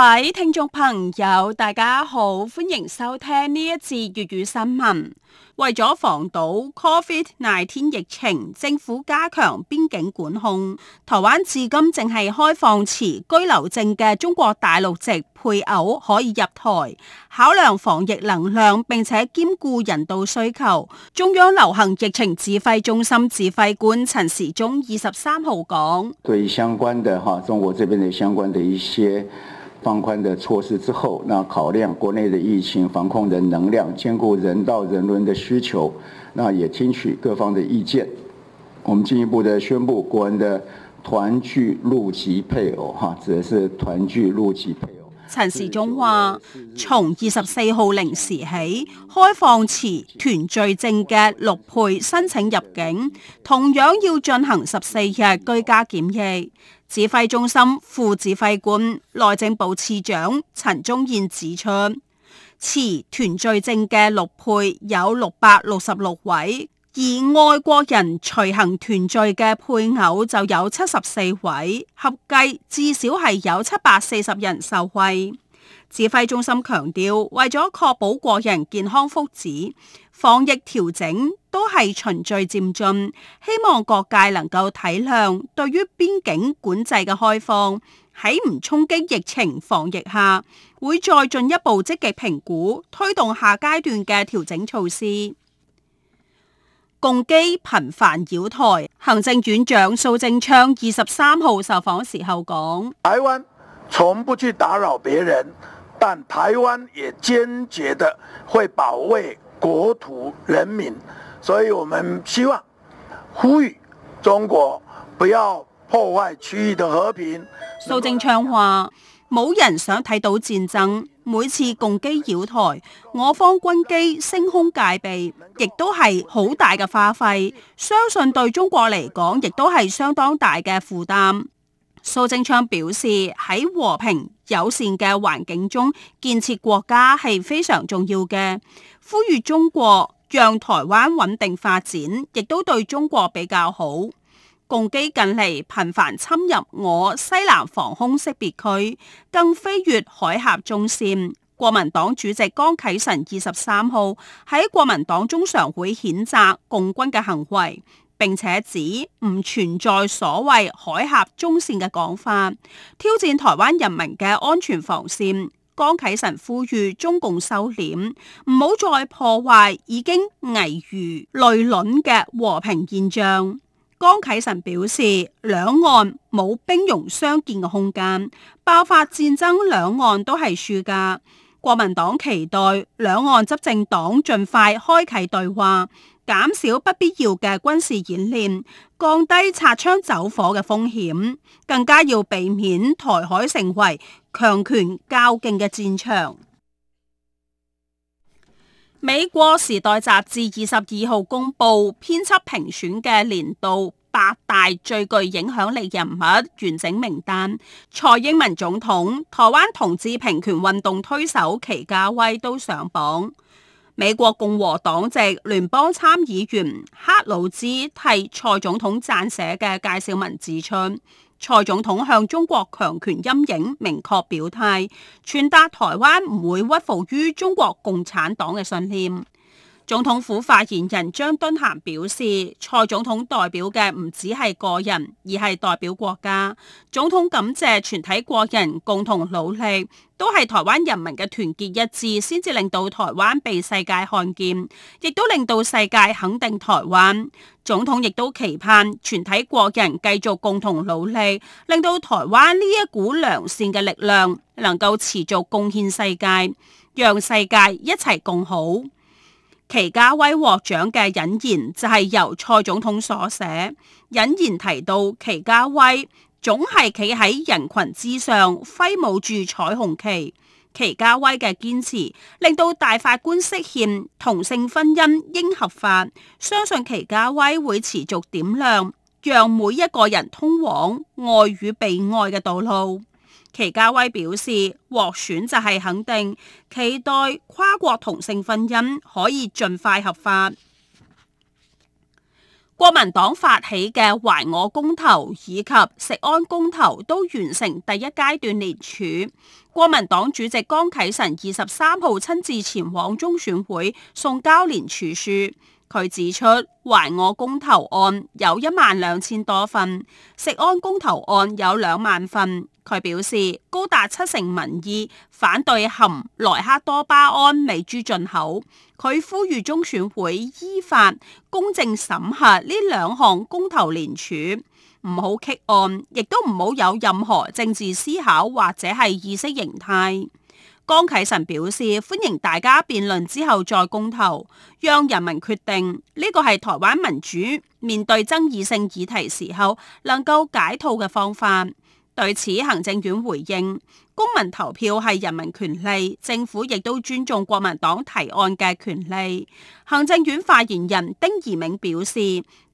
各位聽眾朋友，大家好，歡迎收聽呢一次粵語新聞。為咗防堵 COVID-19 疫情，政府加強邊境管控。台灣至今淨係開放持居留證嘅中國大陸籍配偶可以入台。考量防疫能量，並且兼顧人道需求，中央流行疫情指揮中心指揮官陳時中二十三號講：對於相關的哈中國這邊嘅相關的一些。放寬的措施之後，那考量國內的疫情防控的能量，兼顧人道人倫的需求，那也聽取各方的意見。我們進一步的宣布國人的團聚陸籍配偶，哈，指的是團聚陸籍配偶。陳時中話，從二十四號零時起，開放持團聚證嘅陸配申請入境，同樣要進行十四日居家檢疫。指揮中心副指揮官內政部次長陳宗彥指出，持團聚證嘅陸配有六百六十六位，而外國人隨行團聚嘅配偶就有七十四位，合計至少係有七百四十人受惠。指揮中心強調，為咗確保國人健康福祉，防疫調整都係循序漸進，希望各界能夠體諒。對於邊境管制嘅開放，喺唔衝擊疫情防疫下，會再進一步積極評估，推動下階段嘅調整措施。共機頻繁繞台，行政院長蘇貞昌二十三號受訪時候講：從不去打擾別人，但台灣也堅決的會保衛國土人民，所以我們希望呼籲中國不要破壞區域的和平。蘇貞昌話：冇人想睇到戰爭，每次共機擾台，我方軍機升空戒備，亦都係好大嘅花費，相信對中國嚟講，亦都係相當大嘅負擔。蘇貞昌表示，喺和平友善嘅環境中建設國家係非常重要嘅，呼籲中國讓台灣穩定發展，亦都對中國比較好。共機近嚟頻繁侵入我西南防空識別區，更飛越海峽中線。國民黨主席江啟臣二十三號喺國民黨中常會譴責共軍嘅行為。並且指唔存在所謂海峽中線嘅講法，挑戰台灣人民嘅安全防線。江啟臣呼籲中共收斂，唔好再破壞已經危如累卵嘅和平現象。江啟臣表示，兩岸冇兵戎相見嘅空間，爆發戰爭兩岸都係輸噶。國民黨期待兩岸執政黨盡快開啟對話。減少不必要嘅軍事演練，降低擦槍走火嘅風險，更加要避免台海成為強權較勁嘅戰場。美國《時代》雜誌二十二號公佈編輯評選嘅年度百大最具影響力人物完整名單，蔡英文總統、台灣同志平權運動推手祁家威都上榜。美國共和黨籍聯邦參議員克魯茲替蔡總統撰寫嘅介紹文指出，蔡總統向中國強權陰影明確表態，傳達台灣唔會屈服於中國共產黨嘅信念。總統府發言人張敦涵表示，蔡總統代表嘅唔只係個人，而係代表國家。總統感謝全體國人共同努力，都係台灣人民嘅團結一致，先至令到台灣被世界看見，亦都令到世界肯定台灣。總統亦都期盼全體國人繼續共同努力，令到台灣呢一股良善嘅力量能夠持續貢獻世界，讓世界一齊共好。祁家威獲獎嘅引言就係由蔡總統所寫，引言提到祁家威總係企喺人群之上，揮舞住彩虹旗。祁家威嘅堅持令到大法官釋憲同性婚姻應合法，相信祁家威會持續點亮，讓每一個人通往愛與被愛嘅道路。祁家威表示，獲選就係肯定，期待跨國同性婚姻可以盡快合法。國民黨發起嘅懷我公投以及食安公投都完成第一階段聯署。國民黨主席江啟臣二十三號親自前往中選會送交聯署書。佢指出，懷我公投案有一萬兩千多份，食安公投案有兩萬份。佢表示，高達七成民意反對含萊克多巴胺美豬進口。佢呼籲中選會依法公正審核呢兩項公投連署，唔好卡案，亦都唔好有任何政治思考或者係意識形態。江啟臣表示，歡迎大家辯論之後再公投，讓人民決定呢、這個係台灣民主面對爭議性議題時候能夠解套嘅方法。對此，行政院回應公民投票係人民權利，政府亦都尊重國民黨提案嘅權利。行政院發言人丁怡銘表示，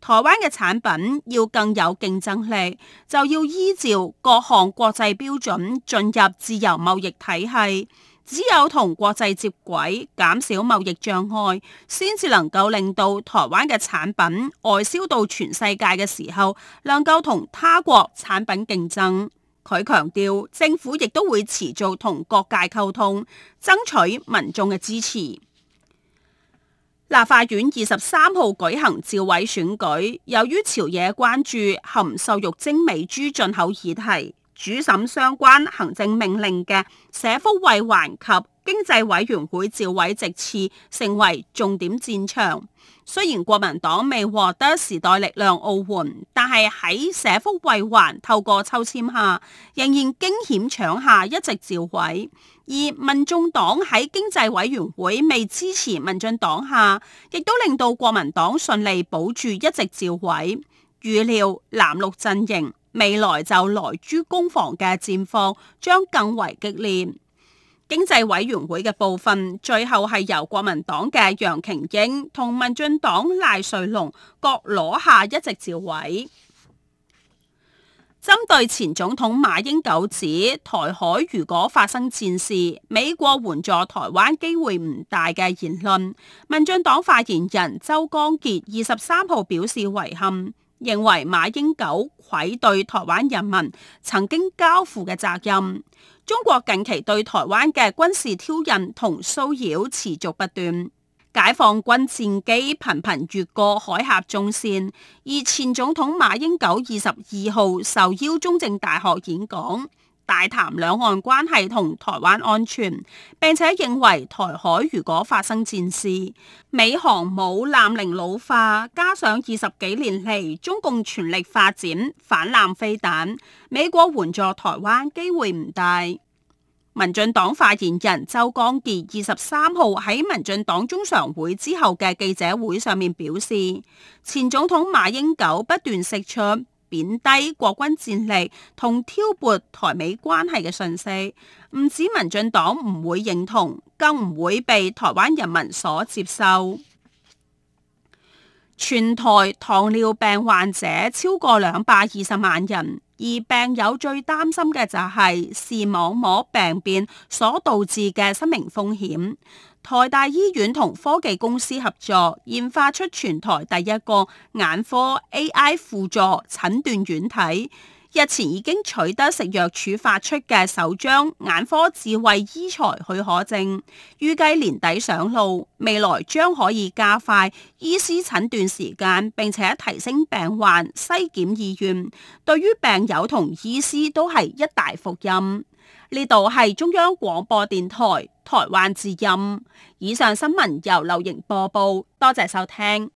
台灣嘅產品要更有競爭力，就要依照各項國際標準進入自由貿易體系。只有同國際接軌，減少貿易障礙，先至能夠令到台灣嘅產品外銷到全世界嘅時候，能夠同他國產品競爭。佢強調，政府亦都會持續同各界溝通，爭取民眾嘅支持。立法院二十三號舉行召委選舉，由於朝野關注含瘦肉精美豬進口議題。主審相關行政命令嘅社福衛環及經濟委員會召委直次成為重點戰場。雖然國民黨未獲得時代力量奧援，但係喺社福衛環透過抽籤下，仍然驚險搶下一席召委。而民眾黨喺經濟委員會未支持民進黨下，亦都令到國民黨順利保住一席召委。預料藍綠陣營。未來就萊豬攻防嘅戰況將更為激烈。經濟委員會嘅部分最後係由國民黨嘅楊瓊英同民進黨賴瑞，瑞龍各攞下一席召委。針對前總統馬英九指台海如果發生戰事，美國援助台灣機會唔大嘅言論，民進黨發言人周江杰二十三號表示遺憾。認為馬英九愧對台灣人民曾經交付嘅責任。中國近期對台灣嘅軍事挑釁同騷擾持續不斷，解放軍戰機頻頻越過海峽中線。而前總統馬英九二十二號受邀中正大學演講。大談兩岸關係同台灣安全，並且認為台海如果發生戰事，美航母艦齡老化，加上二十幾年嚟中共全力發展反艦飛彈，美國援助台灣機會唔大。民進黨發言人周光杰二十三號喺民進黨中常會之後嘅記者會上面表示，前總統馬英九不斷釋出。貶低國軍戰力同挑撥台美關係嘅信息，唔止民進黨唔會認同，更唔會被台灣人民所接受。全台糖尿病患者超過兩百二十萬人，而病友最擔心嘅就係視網膜病變所導致嘅失明風險。台大醫院同科技公司合作，研發出全台第一個眼科 AI 輔助診斷軟體。日前已經取得食藥署發出嘅首張眼科智慧醫材許可證，預計年底上路，未來將可以加快醫師診斷時間，並且提升病患篩檢意願，對於病友同醫師都係一大福音。呢度係中央廣播電台台灣之音，以上新聞由劉瑩播報，多謝收聽。